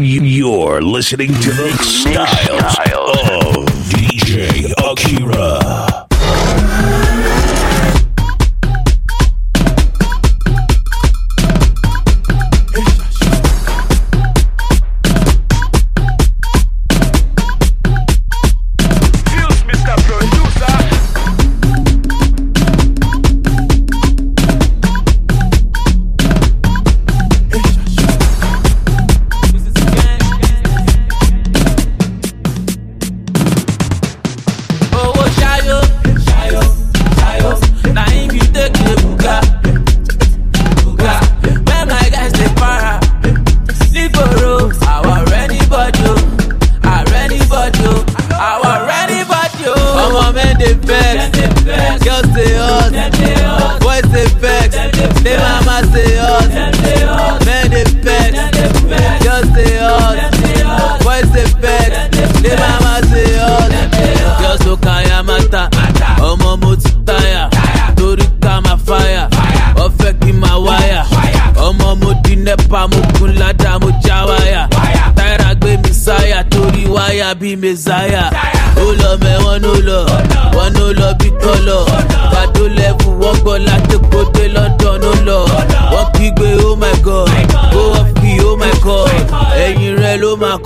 You're listening to the styles, of DJ Akira.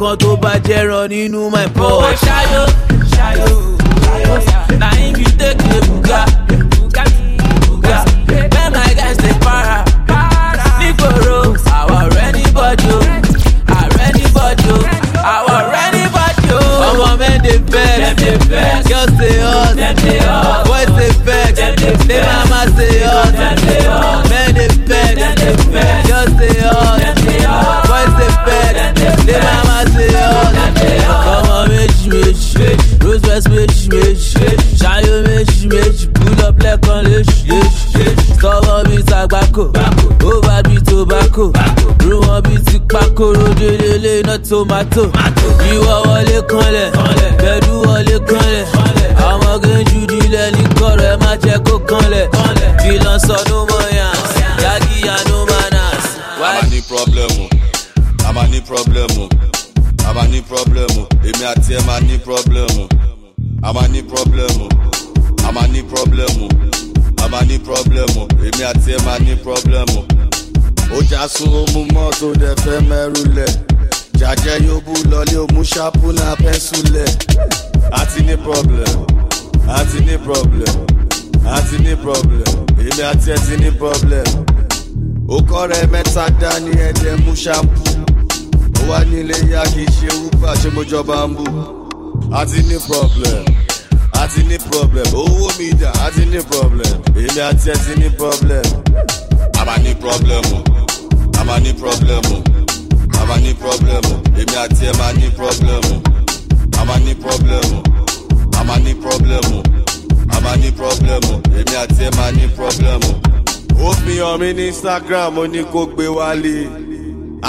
nǹkan tó bá jẹrọ nínú my pot. owó ṣayó ṣayó ṣayó na him you take dey buga buga when my guys dey para para nígboro àwa ọ̀rẹ́ ní bọ́jú àrẹ́ ní bọ́jú àwa ọ̀rẹ́ ní bọ́jú. ọmọ men dey vex girls dey hot boys dey vex dem dey dress méjì méjì ṣayó méjì méjì pull up lẹ́kan léjì léjì tọwọ́ bí tagbako over bí tobacco rú wọn bí ti pakoro délélé iná tomato ìwọ wọlé kanlẹ̀ bẹ́ẹ̀dú wọlé kanlẹ̀ ọmọ gẹ́jú dilẹ̀ ní kọ̀rọ̀ ẹ má jẹ́ kó kanlẹ̀ filan sọnù mọ̀yàn yágíyà no manners. àmà ní pọ́blẹ́mù àmà ní pọ́blẹ́mù àmà ní pọ́blẹ́mù èmi àti ẹ̀ máa ní pọ́blẹ́mù a máa ní pọ́blẹ́mù a máa ní pọ́blẹ́mù a máa ní pọ́blẹ́mù èmi àti ẹ máa ní pọ́blẹ́mù. ó já sun omu mọ́tò dẹ̀ fẹ́ mẹ́rù lẹ̀ jàjẹ́ yóò bú lọlé omu ṣáàpù náà pẹ́ńsù lẹ̀. a ti ní pọ́blẹ́mù a ti ní pọ́blẹ́mù a ti ní pọ́blẹ́mù èmi àti ẹ ti ní pọ́blẹ́mù. ó kọ́ rẹ mẹ́ta dání ẹ̀dẹ̀ mú ṣáàpù ó wá nílé yá kì í ṣe wúpà ṣé mo ń bù a ti ní problem a ti ní problem owó mi dà a ti ní problem èmi àti ẹ ti ní problem. àbá ní problem o àbá ní problem o àbá ní problem o èmi àti ẹ máa ní problem o àbá ní problem o àbá ní problem o àbá ní problem o èmi àti ẹ máa ní problem o. ó fi hàn mí ní instagram ó ní kó gbé wálé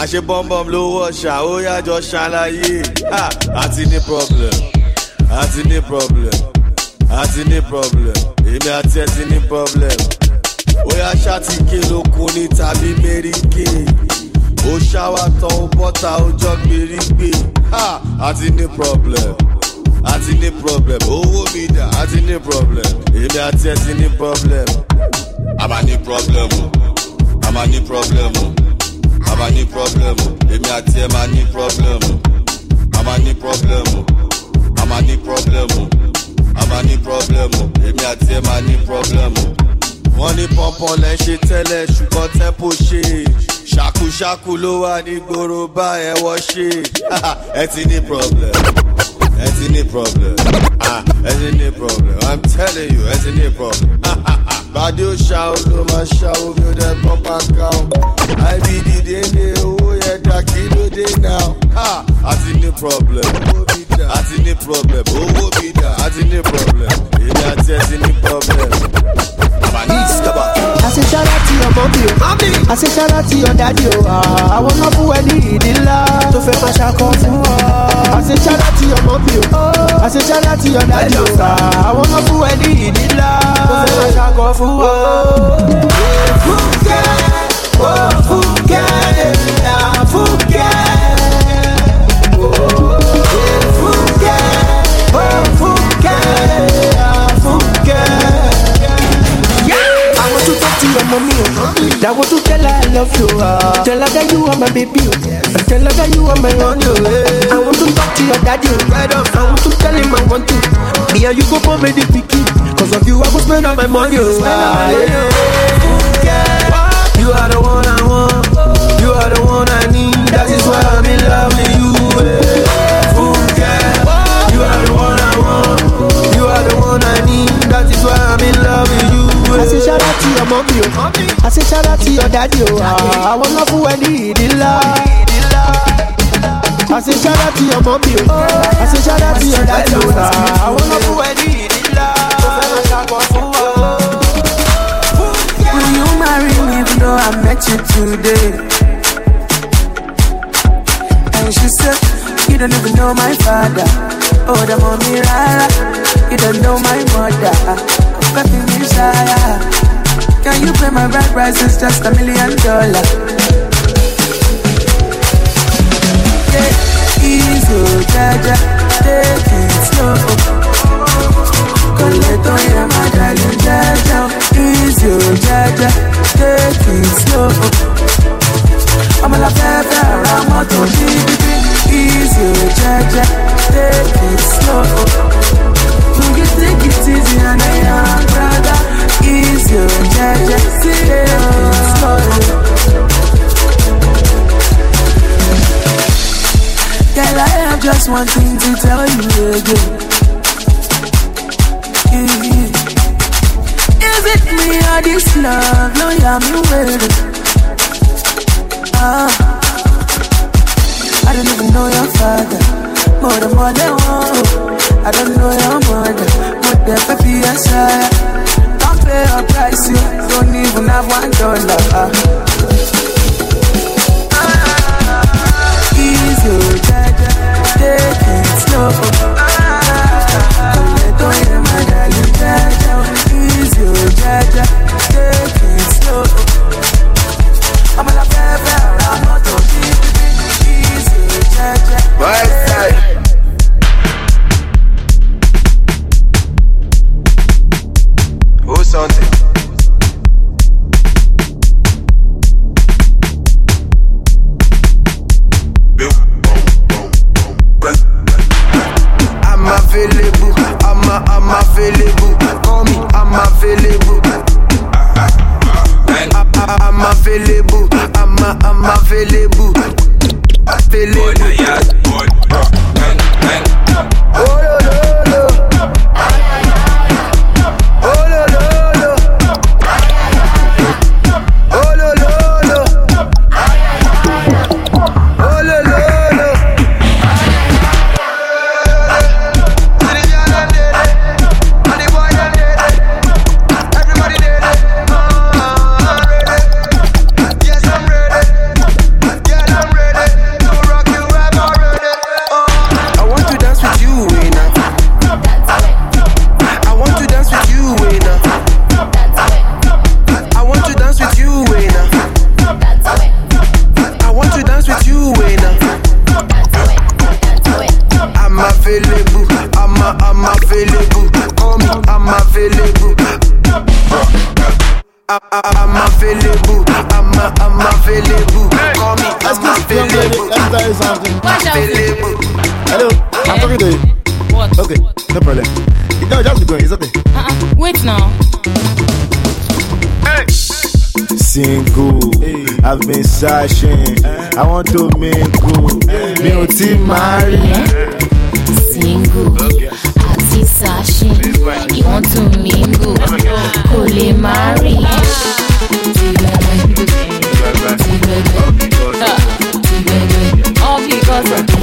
àṣe bọ́m̀bọ́m ló wọ̀ṣà ó yájọ ṣàlàyé àti ní problem àti ní problem àti ní problem èmi àti ẹ ti ní problem ó yá ṣáàtì ké lóko ní tàbí mẹ́ríkè ó ṣáwá tán ó bọ́ta ó jọ gbèrígbè àti ní problem àti ní problem owó mi dà àti ní problem èmi àti ẹ ti ní problem àmà ní problem àmà ní problem. I'm Have any problem? Èmi àti ẹ̀ máa ní problem. I'm A máa ní problem. A máa ní problem. A máa ní problem. Èmi àti ẹ̀ máa ní problem. Wọ́n ní pọ́npọ́n lẹ́ ṣe tẹ́lẹ̀ ṣùgbọ́n tẹ́pò ṣe ṣàkúṣàkú ló wà ní gbòòrò bá ẹ wọ́ ṣe. Ẹ ti ní problem. That's ti ní problem. Ah, ẹ ti ní problem. I'm telling you, ẹ ti ní problem. Bàdé òṣà ló máa ṣá omi ó dẹ̀ bọ́ pàkà o. IBD dé ní owó yẹn dá kí ló now? Ha! I see no problem, I see no problem, I mi dà, I ti ní problem, I àti ẹ problem. ní problem. Àbáníṣ say shout out to your mommy o. Mommy. I say shout out to your daddy o. Àwọn ọmọ fún ẹ ní ìdí ńlá tó fẹ́ máa ṣakọ fún ọ. I say shout out to your mommy o. Oh, ah. I say shout out to your daddy o. Àwọn ọmọ fún ẹ ní ìdí ńlá tó fẹ́ máa oh, fún ọ. oh, ó fúnkẹ́. mommy, oh mommy. That was to tell her I love you. Uh. Tell her that you are my baby. Oh. Yes. tell her that you are my honey. Oh. I want to talk to your daddy. Right off. I want to tell him I want to. Me and you go for me the picky. Cause of you I go spend all my money. Oh. Spend all my money. Yeah. You are the one I want. You are the one I need. That is why I'm in love with you. your mommy o. Oh, I say shout out to your daddy oh. I ah, ah, I wanna fún ẹ ní ìdílá. I say shout out to your mommy oh. I say shout out to your daddy I oh, ah, I wanna fún ẹ ní ìdílá. Will you marry me even though I met you today? And she said, You don't even know my father. Oh, the mommy, Rara. You don't know my mother. Got oh, me shy. Can you pay my rent price? It's just a million dollars. Yeah, easy, jaja, take it slow. Coleto ya madali, jaja, easy, jaja, take it slow. I'm a gonna to I'm a mọ́tò bíbí, easy, jaja, take it slow. Do you take it easy and I am brother? easier. Yeah, yeah, see it. Girl, I have just one thing to tell you again. Yeah. Is it me or this love? No, yeah, me waiting. Ah. I don't even know your father, more than more than one. I don't know your mother, but there could be a side they price you. Don't even have one dollar. No problem. No, just be going. It's okay. Uh-uh. Wait now. Hey. Single, hey. I've been searching. Hey. I want to mingle. Mi ò tí marry. Single, okay. I've been searching. You want to mingle. Kò Mary. marry. Ah. Ti bẹ̀rẹ̀. Ti because of.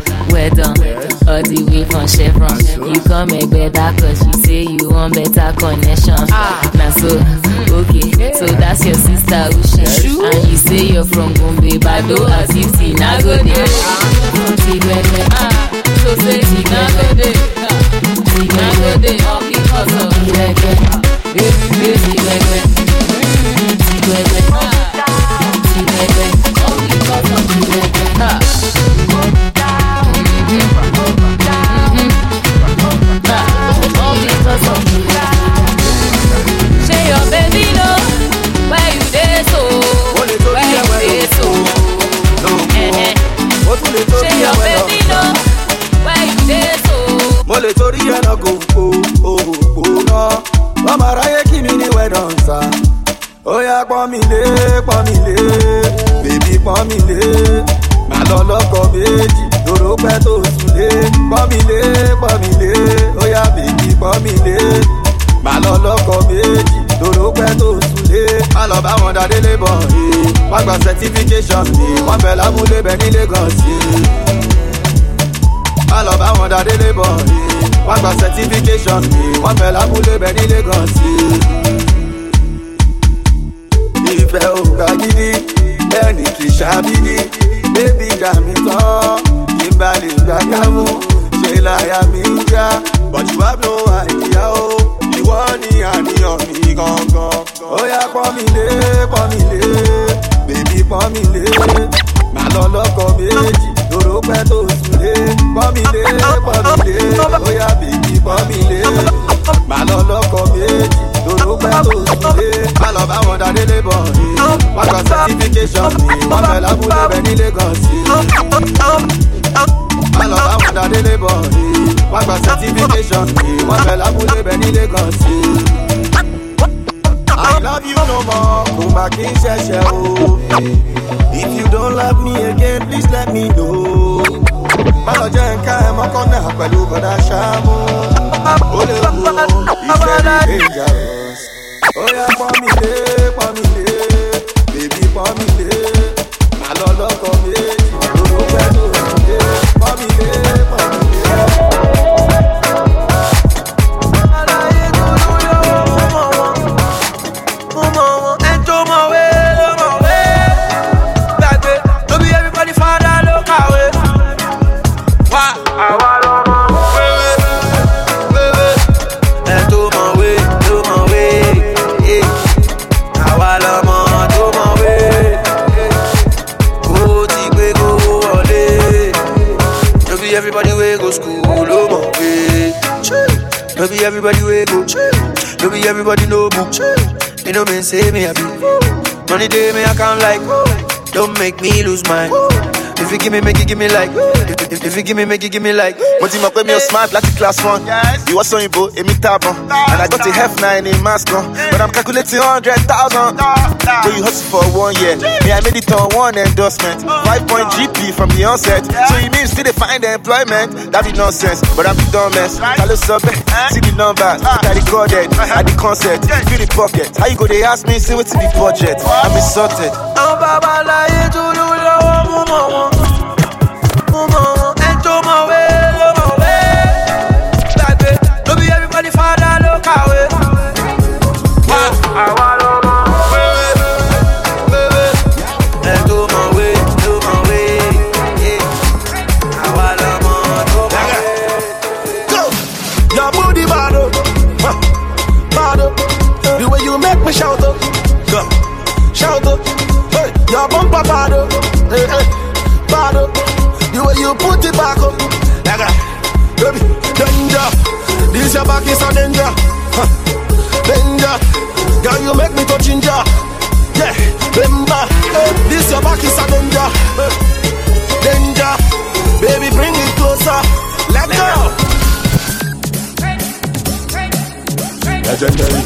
well done. All the way from Chevron. You come make better cause you say you want better connection. Ah. Now so, hmm, okay, so that's your sister Uche. And you say you're from Gombe, Bado, as if Tinago there. Tibeme, ah, so say Tinago there. Tinago there, all Le torí ẹ̀ náà kò kó òkò náà wọ́n máa ráyè kí mi ní wẹ́dọ̀nsà ó yá pọ́n mi lé pọ́n mi lé bèbí pọ́n mi lé màá lọ lọ́kọ̀ méjì lóró pẹ́ tó sùn lé pọ́n mi lé pọ́n mi lé ó yá bèbí pọ́n mi lé màá lọ lọ́kọ̀ méjì lóró pẹ́ tó sùn má lọ bá wọn dadé lébọn ẹ wọn gba certification mi wọn fẹ lámúlé bẹ ní Lagos má lọ bá wọn dáadé labor. wọ́n gba certification wọ́n fẹ́ lábúlé bẹ̀ ní Lagos. ìfẹ́ ò gbà gidi ẹnì kì í ṣàbídí bébí ìjà mi tán ìbàlẹ̀ ìgbà kámú ṣe láyà mi ń já bọ̀jú wá bí wọn àìyá o. go school, oh my way. Eh. No be everybody way go. No be everybody know book. They no not mean say me happy. Money day me I can like. Don't make me lose mine. If you give me, make it give me like. If, if, if you give me, make it give me like. But you mọ̀ pé smart, like a class one. You Ìwọ sọ me èmi on. And I got a half nine in mass gan. But I'm calculating hundred thousand. Though you hustle for one year. Me, I made it on one endorsement. Oh, Five point GP from the onset. So you mean still they find the employment? That be nonsense, but I'm the dumbest. Hello, sub, eh? see the numbers. I ah. recorded at the uh-huh. concert. Feel the pocket. How you go? They ask me, see what's in the budget. I'm insulted. Oh, ọmọ wọn. back up. Like that. Baby, danger. This your back is a danger. Huh. Danger. Girl, you make me touch ginger. Yeah, remember. Hey, this your back is a danger. Hey. Danger. Baby, bring it closer. Let go. Legendary.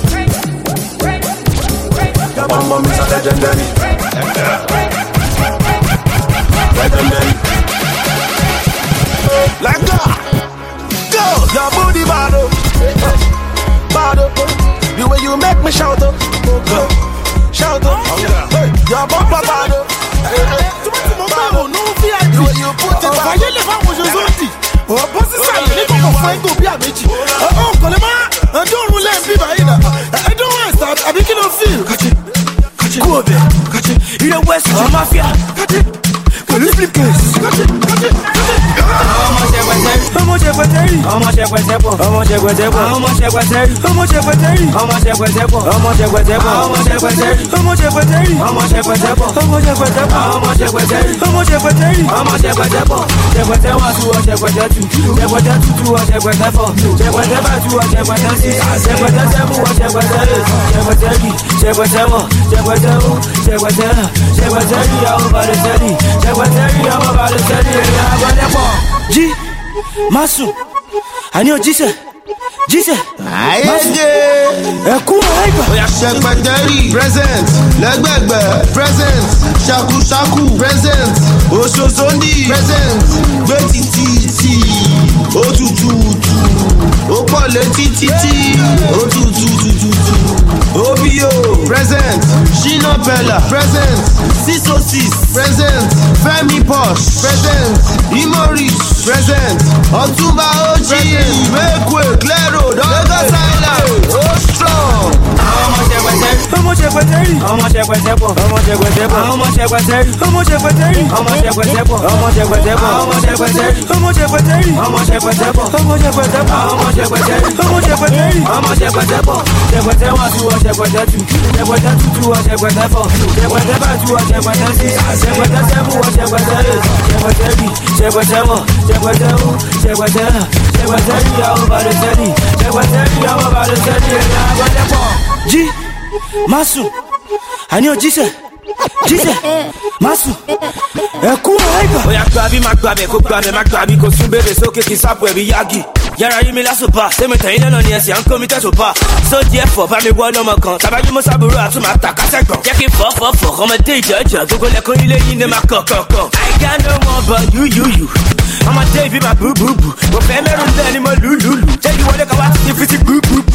Your mama is a legendary. ṣẹpẹṣẹpọ ọmọ ṣẹpẹṣẹpọ ọmọ ṣẹpẹṣẹrí ọmọ ṣẹpẹṣẹrí ọmọ ṣẹpẹṣẹpọ ọmọ ṣẹpẹṣẹpọ ọmọ ṣẹpẹṣẹrí ọmọ ṣẹpẹṣẹrí ọmọ ṣẹpẹṣẹpọ ọmọ ṣẹpẹṣẹpọ ọmọ ṣẹpẹṣẹrí ọmọ ṣẹpẹṣẹrí ọmọ ṣẹpẹṣẹpọ ṣẹpẹṣẹ wá tu ọ ṣẹpẹṣẹ tu ṣẹpẹṣẹ tu tu ọ ṣẹpẹṣẹ fọ ṣẹpẹṣẹ bá tu ọ ṣẹpẹṣẹ sí ṣẹpẹṣẹ sẹmu ọ ṣẹpẹṣẹ rẹ ṣẹpẹṣẹ bì ṣẹpẹṣẹ mọ ṣẹpẹṣẹ mú ṣẹpẹṣẹ hàn ṣẹpẹṣẹ rí àwọn balẹ̀ sẹ́ni ṣẹpẹṣẹ rí àwọn balẹ̀ sẹ́ni èrè àgbọ̀dẹ́pọ̀ jí má sùn. aniyojisa jise. ayége. ẹkún àìbà. sẹpẹtẹrì present lẹgbẹgbẹ present ṣakuṣaku present ososondi present gbẹtiti òtútù tù. ó pọ̀ létí títí ó tutù tutù obio present shina bella present six oh six present femi posh present imorich present ọtúnba ojì mekwe clero lagos island. ọmọ ṣẹpẹtẹ rì. ọmọ ṣẹpẹtẹ pọ̀ ọmọ ṣẹpẹtẹ pọ̀ ọmọ ṣẹpẹtẹ rì. ọmọ ṣẹpẹtẹ rì. ọmọ ṣẹpẹtẹ pọ̀ ọmọ ṣẹpẹtẹ pọ̀ ọmọ ṣẹpẹtẹ rì. ọmọ ṣẹpẹtẹ rì. ọmọ ṣẹpẹtẹ pọ̀ ọmọ ṣẹpẹtẹ pọ̀ ọmọ ṣẹpẹtẹ rì. ọmọ ṣẹpẹtẹ rì. ọmọ ṣẹpẹtẹ pọ̀ ṣẹpẹtẹ wà tú wọ ṣẹpẹtẹ tù ṣẹpẹtẹ tù tú wọ ṣẹpẹtẹ fọ̀ ṣẹpẹtẹ bá tú wọ ṣẹpẹtẹ sí ṣẹpẹtẹ sẹ́kù wọ ṣẹpẹtẹ rè ṣẹpẹtẹ rì ṣẹpẹtẹ wọ̀ ṣẹpẹtẹ wù ṣẹpẹtẹ rà ṣẹpẹtẹ rì àwọn balẹ̀ sẹ́ni ṣẹpẹtẹ rì àwọn balẹ̀ sẹ́ni ẹ̀yà abọ́dẹ́pọ̀. jí masu àní òjíṣẹ́ jíṣẹ́ masu ẹkú àìbà. ó yà gba bí má gba bẹ kó gba bẹ má gba bí kò sún bèbè sókè kí sápò ẹbí yági yàrá yìí mi lásùpà sẹ́mi tẹ̀yìn lọ́nà ni ẹ̀sìn à mi tẹ̀sùn pa sóòdì ẹ̀fọ́ bá mi wọ́ lọ́mọ kan tàbájú mọ́sá burú àtún máa tà kásẹ̀ gbọ̀n. jẹ́ kí fọ́fọ́fọ́ ọmọdé ìjọ́jọ́ gbogbo lẹ́kọ́ ilé yìí ni máa kàn kàn kàn. I got no one but you you you ọmọdé ìbí máa bú bú bú mo fẹ́ mẹ́rù bẹ́ẹ̀ ni mo lù lù lù jẹ́ kí wọlé kan wá ti fi ti bú bú bú.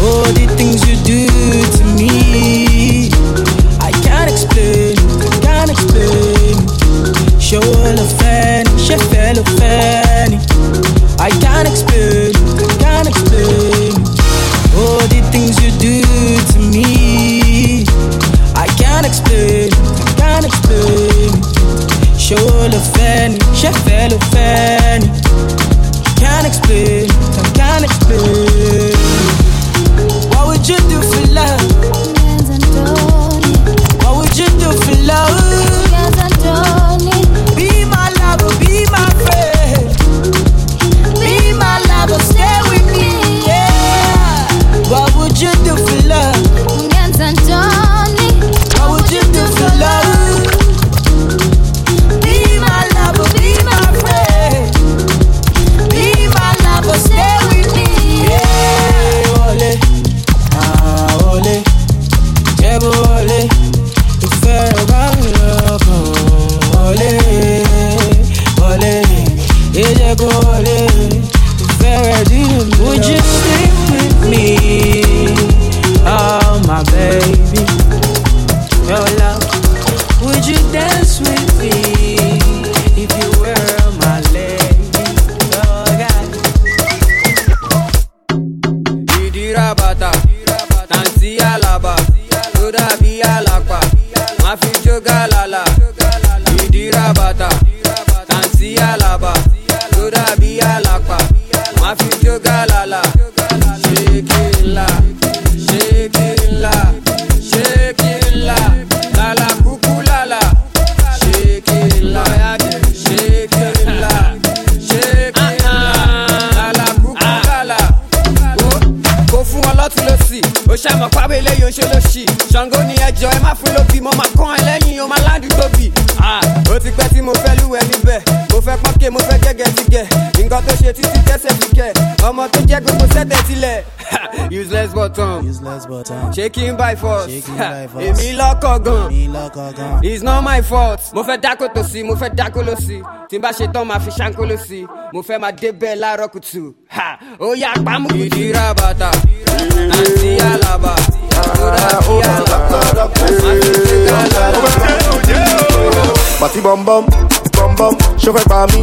all the things you do to me. I can't explain, can't explain. Show all she fell I can't explain, can't explain. All the things you do to me. I can't explain, can't explain. Show she fell Can't explain. ọmọ tó jẹ́ gbogbo sẹ́tẹ̀ sílẹ̀ useless button ṣé kí n by force èmi lọ́kọ̀ gan it's not my fault. mo fẹ́ dákó tòsí mo fẹ́ dákó lọ́sí tí n bá ṣe tán máa fi ṣáńkó lọ́sí mo fẹ́ máa débẹ̀ láàárọ̀ kùtù ó yà pàmò kùtù. ìdíra bàtà àti ah, àlàbà ó bá bàtà dọ́kítà. bàtí bọ̀m̀bọ̀m bọ̀m̀bọ̀m ṣó fẹ́ pa mí.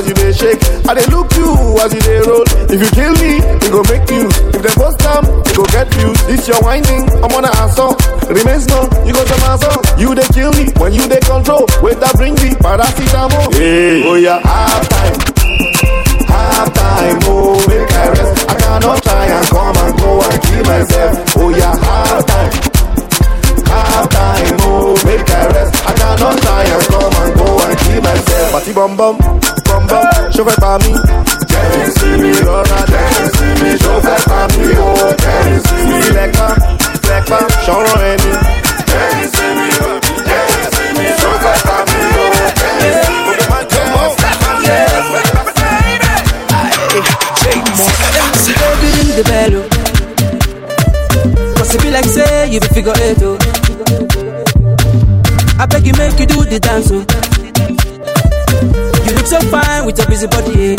as you they shake. I they look you as you they roll. If you kill me, it go make you. If they bust them, it go get you. This your whining, I'm on a answer. Remains no, you go to my song. You they kill me when you they control. Wait that bring me paracetamol. Hey, oh yeah, half time, half time. Oh, make I rest. I cannot try and come and go and kill myself. Oh yeah, half time. Half time, oh, make I rest. I cannot try and come and go and kill myself. Party bum bum ṣó fẹ́ pa mí. jẹ́rìí sí mi rọra jẹ́rìí sí mi ṣó fẹ́ pa mí o jẹ́rìí sí mi. lẹ́pa lẹ́pa ṣọ̀rọ̀ ẹni. jẹ́rìí sí mi jẹ́rìí sí mi ṣó fẹ́ pa mí o jẹ́rìí sí mi. Baby, ring the bell, oh. Cause it be like say you be figure eight, oh. busybody.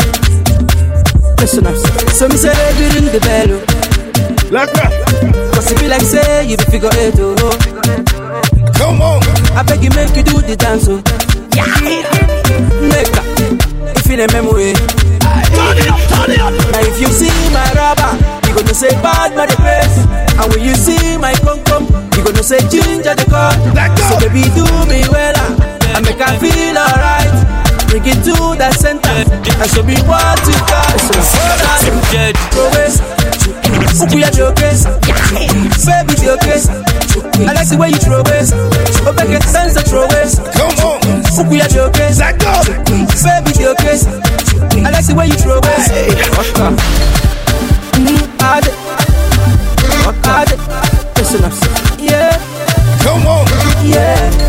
Listen eh? up. So me say ring the bell. Oh. Like that. Cause it be like say you be figure it, oh, oh. Come on. I beg you make you do the dance oh. Yeah. Make if in a memory. Eh? Turn it up, turn it up. Now if you see my rubber you gonna say bad my the And when you see my cum cum, you gonna say ginger the cut. So baby do me well, and make I feel alright. Bring it to the center. I should be what you got. So that you dead. Progress. Ukuya progress. Baby progress. I like the way you progress. But make it sense of progress. Come on. Ukuya progress. Let go. Baby progress. I like the way you progress. Hey, what's it. Hard. Hard. Listen up. Yeah. Come on. Yeah.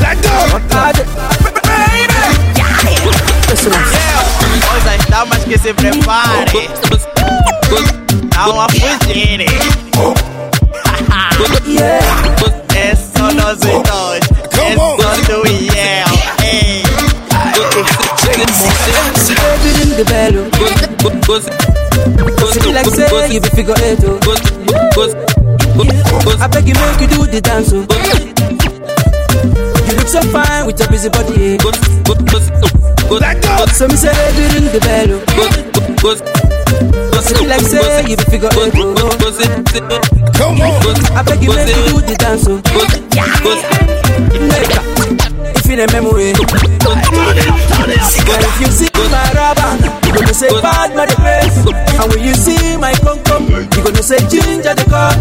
Let go! Vontade, Os as damas que se preparem Dá uma fugirem É só nós dois É só tu e eu Ei! Baby, ring the bell Cause it be like say you be figure eight oh. I beg you make you do the dance so fine with your busy body. Eh? Go, go, go, go, go. So me say ring the bell. Go, go, go. like say you figure eight. Go, go, Come on. I beg you make me do the dance. Go, oh. go, go. If in a memory, but if you see my rubber, you gonna say bad my place. And when you see my concom, you gonna say ginger the cup.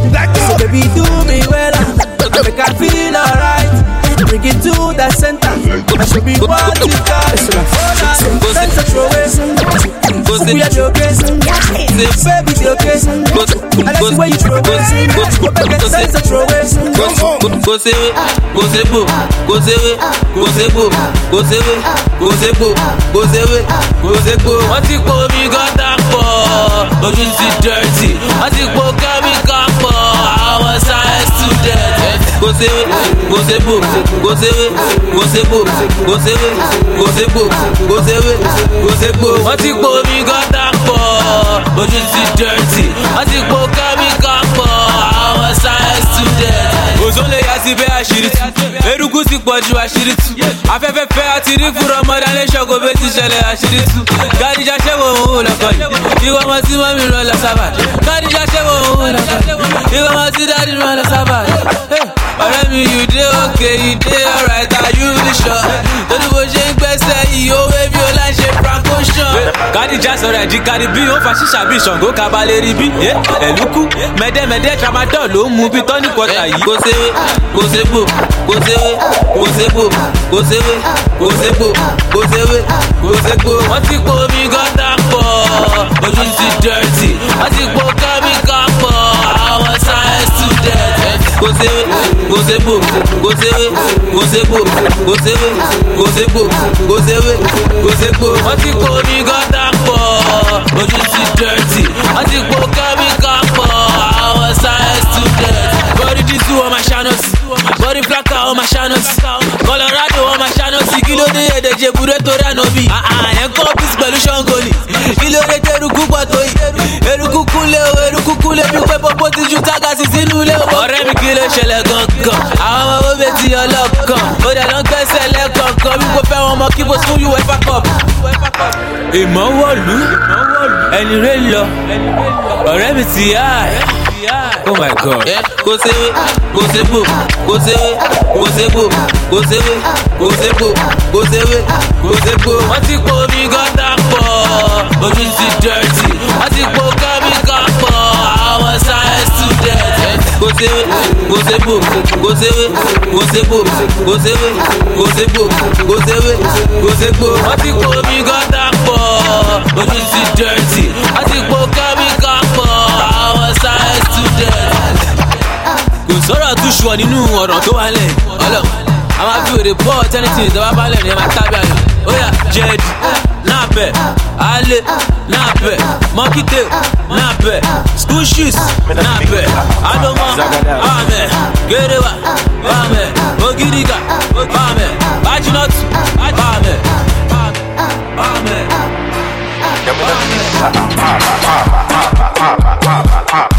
So baby, do me well, make I feel alright. Bring it to the center. I should be what you got. Send to throw We are your grace. Baby, your grace. I like the way you throw it. Send Go throw it. Go say it. Go say it. Go say it. Go say it. Go say it. Go say it. Go say it. Go say it. Wọ́n ti pò mí gọ́tà pọ̀. Ojú ti dẹ̀rẹ̀tì. Wọ́n ti pò kẹ́míkà pọ̀ sewe, go sebo, go sewe, go sebo, go sewe, go sebo, go sewe, go sebo. Wọ́n ti po omi gọ́tà pọ̀, ojú ti dẹ́rẹ́tì. Wọ́n ti po kẹ́míkà pọ̀, àwọn sáyẹ́nsì students. Òjò lè yá sí bẹ́ẹ̀ àṣírí tú, eruku sì pọ̀ ju àṣírí tú. Afẹ́fẹ́ fẹ́ àti rí fúnra ọmọdé aléṣọ́ kò bẹ́ẹ̀ ti ṣẹlẹ̀ àṣírí tú. Gádìjà ṣẹ́gun òun lọ́kọ̀ la ìwọ ọmọ sí mọ́mí rán lọ la Gádìjà ṣẹ́gun òun lọ́kọ̀ yìí, ìwọ ọmọ sí dádì rán lọ sábà. ọ̀rẹ́ mi you dey okay you dey alright are you sure torí bó ṣe ń gbẹ́sẹ̀ yìí ó wé bí ó láì ṣe franco sàn. kádìjà sọ̀rọ̀ ẹ̀dí kárí bí ó fa ṣíṣà bí ṣàngó kabalẹ̀ rí bí ẹ̀lúkú mẹ́dẹ́mẹ́dẹ́ tramadol ló ń mu bí tọ́nì kọta yìí. kò séwé kò ségbò kò séwé kò ségbò kò séwé kò ségbò kò séwé kò ségbò. wọ́n ti po omi gọ́tà pọ̀ ojú ti dẹ́rẹ́tì wọ́n ti po kẹ́míkà pọ̀. gozewe gozebo gozewe gozebo gozewe gozebo gozewe gozebo. wọ́n ti kó mi gọ́tà pọ̀ ojú ti dẹ́rẹ́tì wọ́n ti kó kẹ́míkà pọ̀ àwọn science students. body disu ọmọ ṣanos body flaka ọmọ ṣanos colorado ọmọ ṣanos kí ló dé èdè jebure torí ànábì. ẹ̀ ń kọ́ ọ́fíìsì pẹ̀lú ṣọ́ngọ́lì kí ló dé tẹ́rù kú pọ̀ tó yìí eruku kúnlẹ̀ o eruku kúnlẹ̀ bí pé pọ́pọ́ ti ju tákàsì sínú ilé wọn. ọ̀rẹ́ mi kí ló ṣẹlẹ̀ gangan àwọn ọmọ wo bẹ́ẹ̀ ti ọlọ́kan ó dẹ̀ ló ń gbẹ́sẹ̀ lẹ́kọ̀ọ̀kan bí kò fẹ́ wọn mọ kí kò sún uefa cup. ìmọ̀ wọ̀lú ẹni rẹ̀ lọ ọ̀rẹ́ mi ti yá ẹ̀ oh my god. kò séwé kò ségbò kò séwé kò ségbò kò séwé kò ségbò kò séwé kò ségbò. wọ́n ti po omi gọ́tà pọ̀ ojú ti dẹ́rẹ́tì wọ́n ti po ká. gosewe gosebo gosewe gosebo gosewe gosebo gosewe gosebo. wọ́n ti po omi gọ́tà pọ̀ ojú ti dẹ̀rẹ̀tì wọ́n ti po kẹ́míkà pọ̀ àwọn sáyẹ́nsì students. kò sọ̀rọ̀ tún ṣùọ̀ nínú ọ̀rọ̀ tó wà lẹ̀ ọlọ́ àwọn afi wèrè pọ̀ tẹ́lifíṣàn ìjọba balẹ̀ ní ẹ̀ máa tábìlì ó jẹ́ẹ̀dì. bad. Allez, not bad. Monkey tail, not bad. School shoes, not bad. Adoma, amen. Gerewa, amen. Ogiriga, amen. Bajinot, amen. Amen. Amen.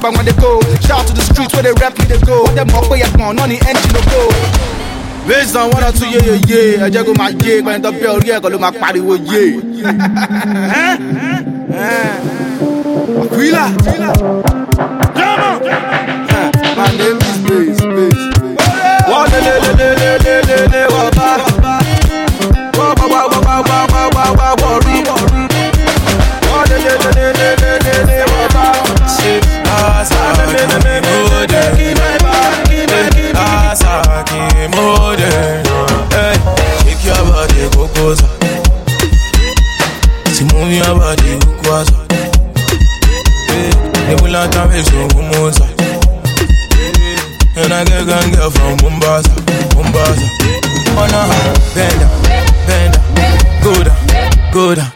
bang when they go. Shout to the streets where they rap me, they go. Them up way at one, on the engine, no go. Based on one or two, yeah, yeah, yeah. Ẹ jẹ́ kó máa yé, gbọ́n tó bẹ́ orí ẹ̀ kọ́ ló máa pariwo yé. Àkúílà. is Mombasa. And I get girl from Mombasa, Mombasa. On a bend, bend, go down,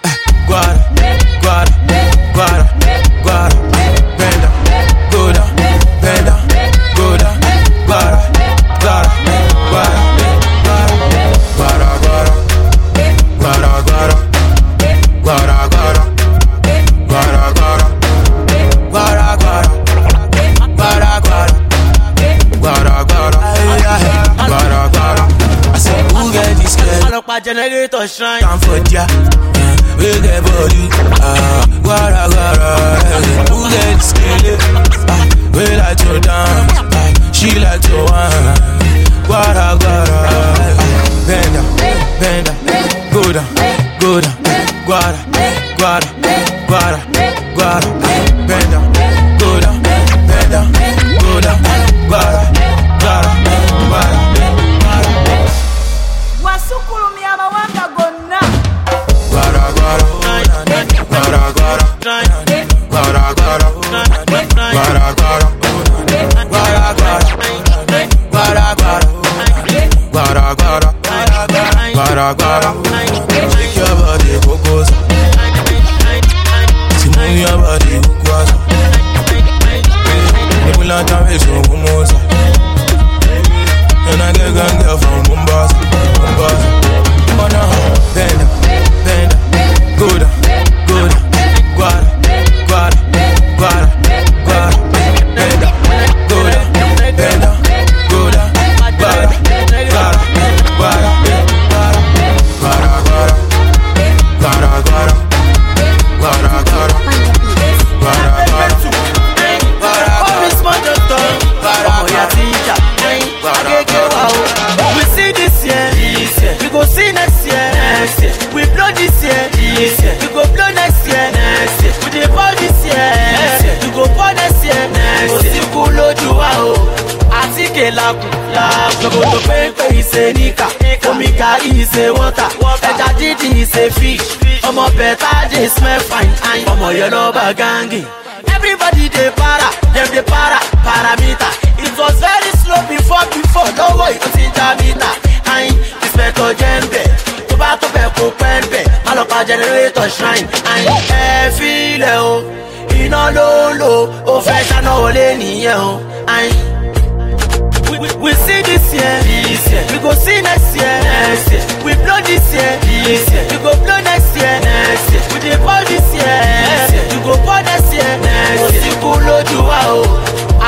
gangi everybody dey para dem dey para parameter it was very slow before before no ìtò ti já mítà ayin ìspẹ̀tọ̀ jẹ́ ń bẹ̀ tó bá tó bẹ̀ kó pẹ́ ń bẹ̀ má lọ pa generator shrine ayin ẹ filẹ̀ o iná ló ń lò ó fẹ́ ṣáná wọlé nìyẹn o ayin. we see this year, this year. We go see next year, next year. We blow this year, this year. We go blow next year, next year. We dey pour this year, next year. You go pour next year, next year. Òsìkú lójú wa o,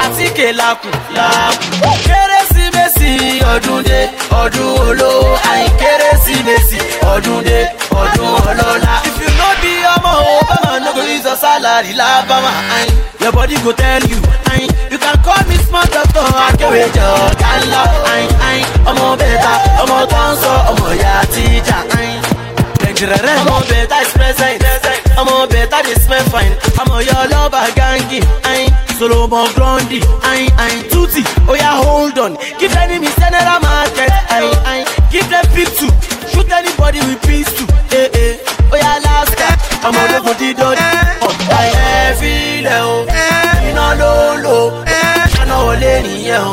àtíkè lakùn lakùn. Kérésìmesì ọdún dé, ọdún olówó. Àyìn kérésìmesì ọdún dé, ọdún ọlọ́lá. Obama, Obama, oh, no go use your salary, Labama. Aye. Your body go tell you, aye. You can call me smart doctor, I can wait your I'm better, I'm Ọmọ dancer, I'm ọmọ your teacher, I'm ọmọ better, is present, ọmọ better, this smell fine, i ọmọ your lover gangi, aye. Solomon I I tutti, oh oya hold on, give enemy general market, I I Give them big two, shoot anybody with peace too, eh, eh. Oya oh last ọmọ ológun ti dọ́jú. ọ̀gá ẹ fi ilẹ̀ o iná ló ń lò ṣáná ò lè nìyẹn o.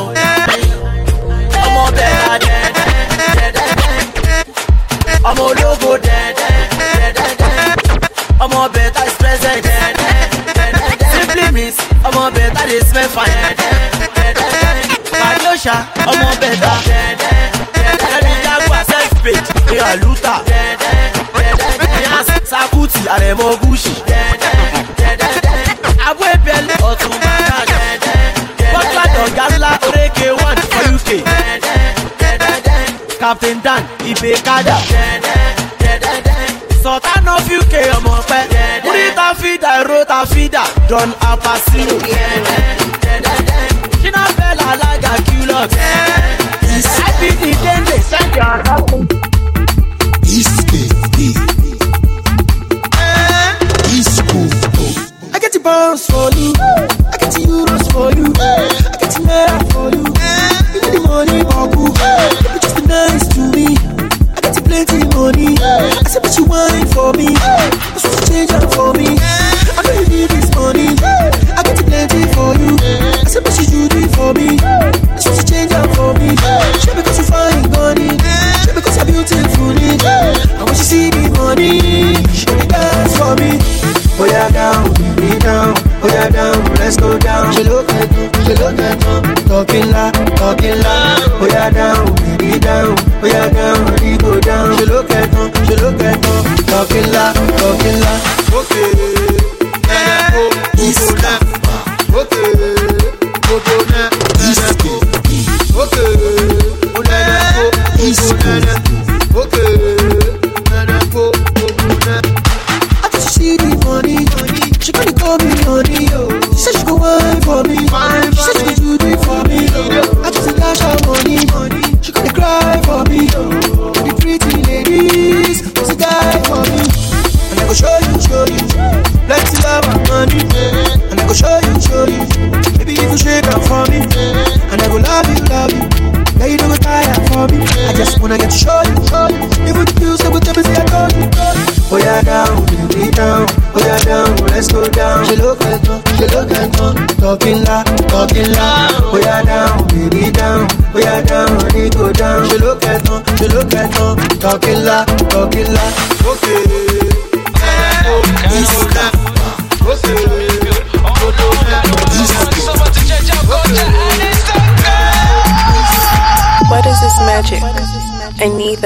niyen bẹ́ẹ̀ dẹ́dẹ́ dẹ́dẹ́ ọmọ ológun dẹ́dẹ́ dẹ́dẹ́ bẹ́ẹ̀ tá ìsprẹ́sẹ̀ dẹ́dẹ́ dẹ́dẹ́ simply means ọmọ bẹ́ẹ̀ tá dey smell fine dẹ́dẹ́ dẹ́dẹ́ ọmọ bẹ́ẹ̀ tá dẹ́dẹ́ dẹ́dẹ́ ẹ̀rí jágbá self page ìhàlúta dẹ́dẹ́. captain dan ìbè kájà. sọ̀tà náà fi ọmọ pẹ́. múrítà fìdá ìrótà fìdá don apasino. ṣínà bẹ́ẹ̀ alága qlot. ipd dende sẹ́ńtì àgbà. east i get the bounce for you. plenty money. I said, but you want it for me. I said, change up for me. I know you need this money. I get it plenty for you. I said, but you do it for me. I said, change up for me. She because you find money. She because you're beautiful. I want you see me money. She dance for me. Oh yeah, down, be down. Oh yeah, down, let's go down. She look at you, she look at you. Talking loud, talking loud. Oh yeah, down, be down. Oh yeah, look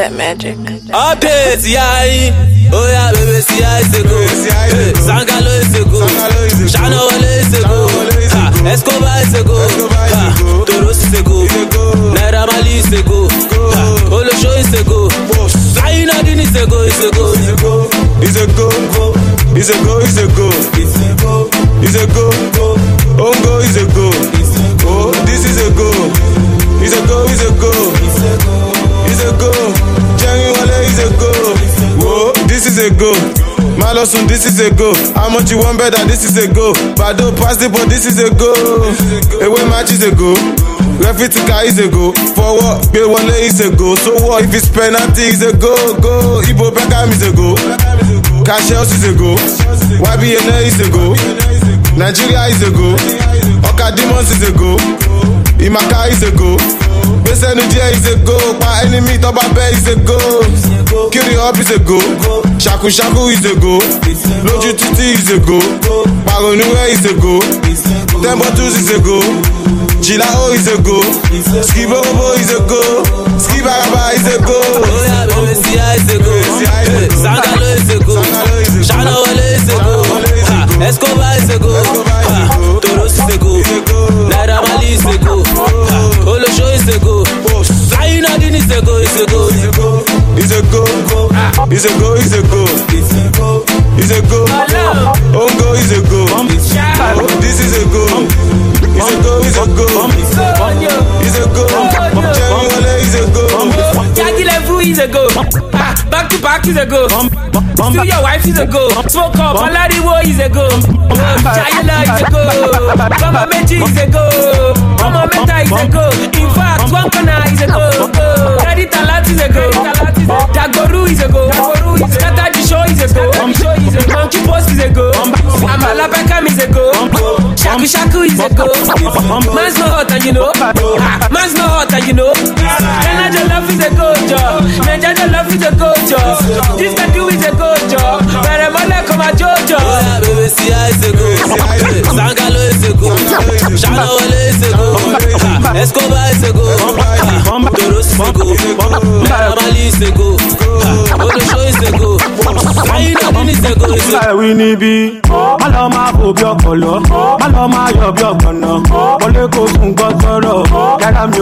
that magic. Up yai. Oh yeah, baby, see I is go. Sangalo is a go. Shano is a go. Escobar is a go. Toros is a go. Naira Mali is a go. Olosho is a go. Zaina Din Is a go. Is a go. Is a go. Is a go. Is a go. Is a go. Ongo is a go. Oh, this is a go. Is a go. Is a go. Is a go. is a go jerry wale is a go Whoa, this is a go. Malosun, this is a go. How much you want better? This is a go. Bado pass it, but this is a go. Away match is a go. Refitika is a go. Forward, Bewale is a go. So what if it's penalty is a go? Go. Ibo Beckham is a go. Cashels is a go. YBNA is a go. Nigeria is a go. Oka Demons is a go. Imaka is a go. This energy is a go. My enemy top of bed is a go. Kiri up is a go. Shaku shaku is a go. Loju titi is a go. Pagonuwe is a go. Tempo twos is a go. Jilao is a go. Skibobo is a go. Skibaraba is a go. Oya Bebesia is a go. Sangalo is a go. Shanawale is Escobar is a go. Toros is a go. Naira Mali is a go. Olosho is a go a Nadine is a go, is a go, is a go, is a go, is a go, is a go, is a go, is a go, a go, is a go, a go, is a go, is a go, is a go, is a go, is a go, is a go. Yagi is a go. back to back is a go. Still your wife is a go. Smoke up, Alariwo is a go. Chayela is a go. Mama Meji is a go. Mama Meta is a go. In fact, one corner is a go. Daddy Talat is a go. Dagoru is a go. Dagoru is a go sure he's a go. I'm sure he's a go. Monkey Boss is a go. Amala Beckham is a go. Shaku Shaku is a go. Man's no hot and you know. Man's no hot and you know. Ghana the love is a go job. Niger the love is a go job. This can do is a go job. Beremola come a jojo. Baby, see I is a go. Sangalo is a go. Shano Wale is a go. Escobar is a go. Toros is a go. Mara Mali is a go. Odo Show is a go. Ọ̀sẹ̀ wí níbí, má lọ máa fò bí ọ̀pọ̀lọ́, má lọ máa yọ̀ bí ọ̀gbọ̀nà, wọlé kò sùn gbọ́tọ̀rọ̀, yàrá mi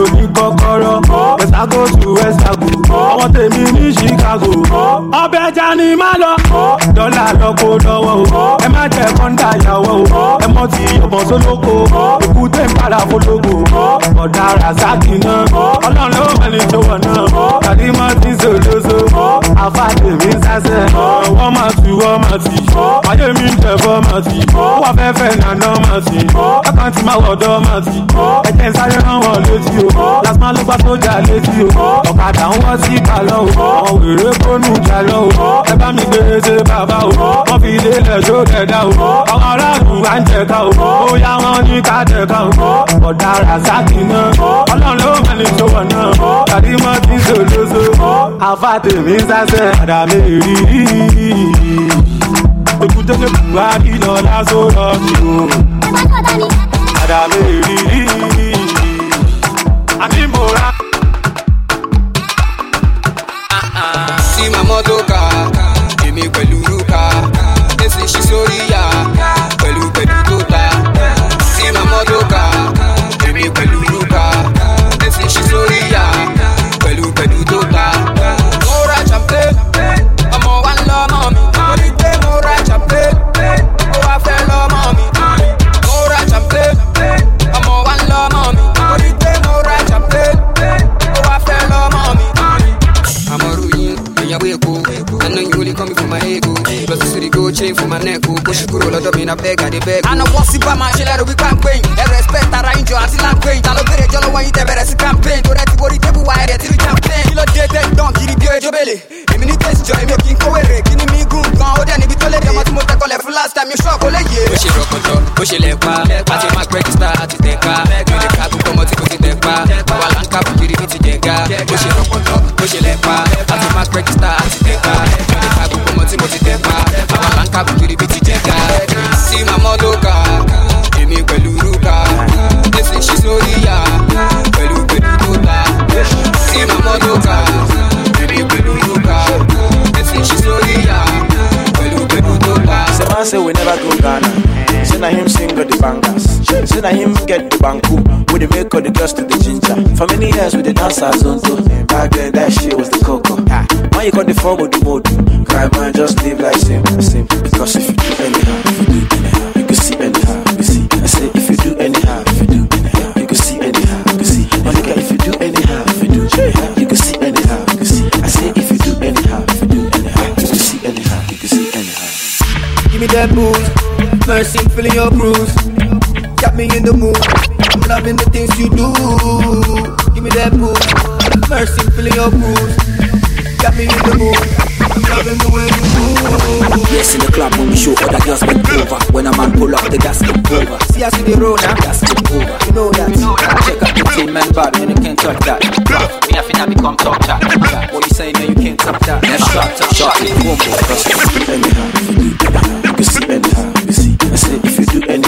Westago to Westago, ọwọ́ tèmi ní Chicago, ọbẹ̀ jà ni má lọ dọ́là lọ́kọ́ lọ́wọ́ o ẹ má jẹ́ kọ́ńdà yàwó o ẹ mọ́ ti ọmọ sólókò èkúté ń para fọlọ́gbò ọ̀dà razaki náà ọlọ́run ló mẹ́lẹ̀ tó wọ̀ O tàbí mọ́ ti sòlóso àfàdé mi sásẹ̀ wọ́n máa ti wọ́n máa ti ayé mi ń tẹ̀fọ́ máa ti wà fẹ́fẹ́ nàná máa ti ẹ̀kan ti máa wọ̀dọ́ máa ti ẹ̀jẹ̀ ń sáré rán wọn létí o lásán ló gbá sójà létí o ọ̀kadà ń wọ́ sí ìbàlọ́ o àwọn wèrè gbónú ìjà lọ o ẹ bá mi gbé ṣe bàbá wa o wọ́n fi délẹ̀ tó dẹ̀dá o àwọn aráàlú wa ń jẹ̀ka o ó yá wọn ní ká jẹ̀ka o ọ̀dà razaki náà ọlọ́run ló mẹ́lẹ̀ tó wọ̀ náà tàbí mọ́ ti ṣòlóso àfa tèmi sásẹ̀ àdàmé rírí. èkúté ṣe buhari náà lásán lọ sí o àdàmé rírí. àní mo ra. Ah, ah. sí màmá tó. chain for my neck, oh, push kúrò lọ́dọ̀ mi náà beg, àdé beg. I won wọ́n sí bá máa ṣe lẹ́rù wípé I'm paying. Ẹ respect ara yín paint. I lágbẹ́yìn. Ta ló bèrè jọ lọ́wọ́ yín tẹ bẹ̀rẹ̀ sí campaign. Tó rẹ̀ ti borí tébù wa ẹ̀rẹ̀ tí rí campaign. Kí ló dé tẹ́ dán kiri bí ojó bèlè? Èmi ní tẹ̀sí jọ èmi ò kí n kó wèrè. Kí ni mi gùn gan? Ó dẹ̀ níbi tó léde. Ọmọ tí mo tẹkọlẹ̀ fún last time, iṣu ọ̀kọ́ on yé. Ó ṣe rọ̀kọ̀jọ, ó i lẹ̀ pa. Àti máa register àti tẹ̀ka. Mi ò lè ka gbogbo ọmọ tí kò ti tẹ̀ pa. Àwa là ń kà bùkiri bí ti i pa awa la n ka bukiri bi ti je ga. Ó ṣe rọ̀kọ̀ Salsa Zonto. Eh, back then, that shit was the cocoa. Ha. you got the form of the mode. Cry man, just live like same, same. Because if you do anyhow, if you do anyhow, you can see anyhow, you can see. I say if you do anyhow, if you do anyhow, you can see anyhow, you can see. My oh, if you do anyhow, if you do anyhow, you can see anyhow, you can see. I say if you do anyhow, if you do anyhow, you can see anyhow, you can see anyhow. Give me that booze, mercy, filling your bruise. Got me in the mood. I'm loving the things you do me that boost. Mercifully bruise. Got me in the mood. Yes, in the club when we show other girls get over. When a man pull up, the gas get over. See us in the road now, gas get over. You know that. Check out the team man bad, man, you can't touch that. Me have to become top chat. What you saying, man, you can't touch that. Next shot, shot it. more, Anyhow, if you do, anyhow, you see, anyhow, you see. I say, if you do, anyhow.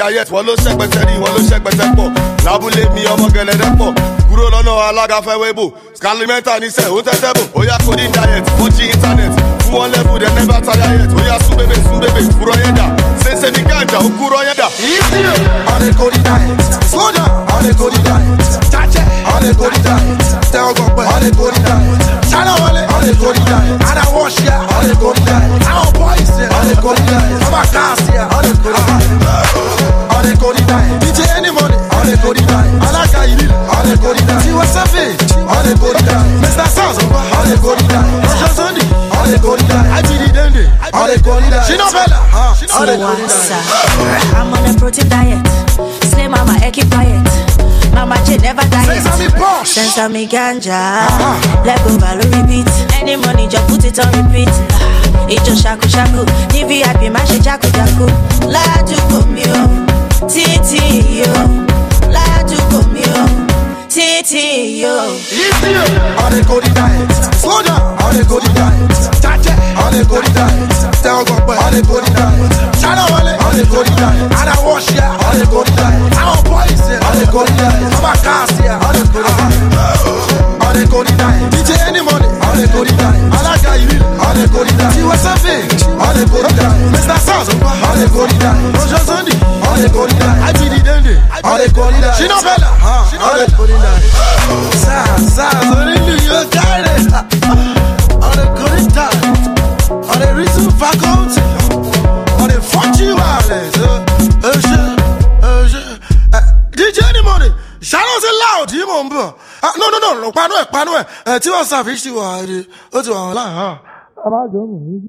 yayet wọ́n ló ṣẹ́gbẹ́sẹ́ rí wọ́n ló ṣẹ́gbẹ́sẹ́ pọ̀ lábúlé mi ọmọ gẹ̀lẹ́dẹ́ pọ̀ kúrò lọ́nà alága fẹ́wé bò scalimenta ní sẹ́ ó tẹ́tẹ́ bò ó yá kódì diet ó jí internet fún wọn lẹ́bù dẹ̀ never yet. ó yá sún bébè sún bébè kúrọ̀ yẹn dà ṣẹṣẹ ní gàjà ó kúrọ̀ yẹn dà. ọ̀lẹ́ kódì diet slow down ọ̀lẹ́ kódì diet jajẹ́ ọ̀lẹ́ kódì diet tẹ ọgọ pẹ́ ọ̀lẹ́ kódì diet ṣáná wọlé ọ̀lẹ́ kódì diet ara wọ́ọ̀ṣì ọ̀lẹ́ kódì diet àwọn bọ́ìsì ọ̀lẹ́ kódì diet. Sense of me ganja. Let go value repeat. Any money, just put it on repeat. Ah, Ijo shaku shaku. Ni VIP, my shit jaku jaku. Laju komi o. Oh. Titi yo. ju komi o. Titi yo. Easy. How they go the diet? Slow down. How they go the diet? on the body die. Stay on God, on the body die. shout out on the body die. And I wash here, on the body die. Our boys here, on the body die. Our cars here, on the body die. On the body die. DJ any money, on the body die. Alaga Iwi, on the body die. You was a bitch, on the body die. Mr. Sauce, on the body die. Roger Sandy, on the body die. I be the dandy, on the body die. She no fella, on the body die. sauce, Saz, only you got it. On the body die. On est riche ou pas comme On est foutu à l'aise. Euh, je, euh, je. DJ ni mo ni, ṣáná ṣe loud yìí mò ń no, No no no, panu ẹ̀ panu ẹ̀ tí wọ́n ṣàfihàn ti wà á rí, ó ti wà wọ́n láàárọ̀. Abájọ́ mi ní.